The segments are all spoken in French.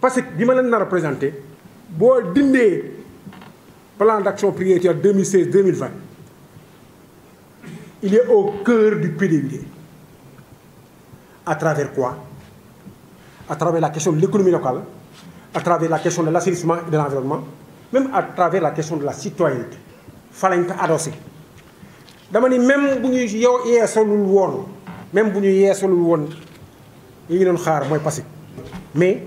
parce que comme on a présenté le plan d'action prioritaire 2016 2020 il est au cœur du PDVD à travers quoi à travers la question de l'économie locale à travers la question de l'assainissement et de l'environnement même à travers la question de la citoyenneté Il faut adossé dama même si vous, avez même si vous, avez vous, un woon li vous, mais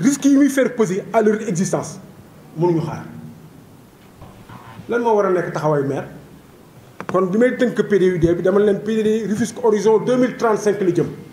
risque de faire poser à leur existence mënuñu xaar lan nous avons un nekk taxawaayu kon bi may PDUD bi dama PDD horizon 2035.